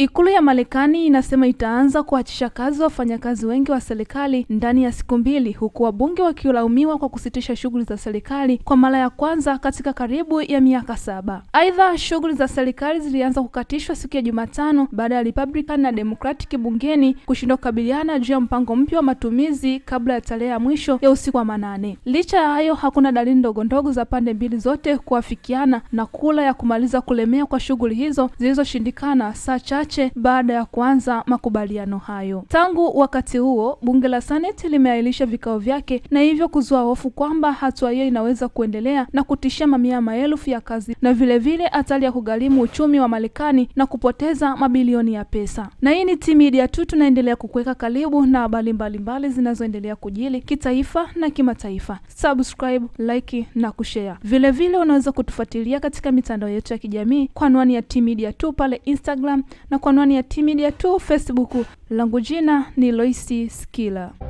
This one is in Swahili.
Ikulu ya Marekani inasema itaanza kuachisha kazi wafanyakazi wengi wa serikali ndani ya siku mbili, huku wabunge wakilaumiwa kwa kusitisha shughuli za serikali kwa mara ya kwanza katika karibu ya miaka saba. Aidha, shughuli za serikali zilianza kukatishwa siku ya Jumatano baada ya Republican na Democratic bungeni kushindwa kukabiliana juu ya mpango mpya wa matumizi kabla ya tarehe ya mwisho ya usiku wa manane. Licha ya hayo, hakuna dalili ndogondogo za pande mbili zote kuafikiana na kula ya kumaliza kulemea kwa shughuli hizo zilizoshindikana saa chache chache baada ya kuanza makubaliano hayo. Tangu wakati huo, bunge la Seneti limeahirisha vikao vyake na hivyo kuzua hofu kwamba hatua hiyo inaweza kuendelea na kutishia mamia maelfu ya kazi na vilevile hatari ya kugharimu uchumi wa Marekani na kupoteza mabilioni ya pesa. Na hii ni Tmedia tu, tunaendelea kukuweka karibu na habari mbalimbali zinazoendelea kujili kitaifa na kimataifa. Subscribe, like na kushare. Vilevile unaweza kutufuatilia katika mitandao yetu ya kijamii kwa anwani ya T-Media tu pale Instagram na na kwa anwani ya tmedia tu Facebook. Langu jina ni Loisi Skila.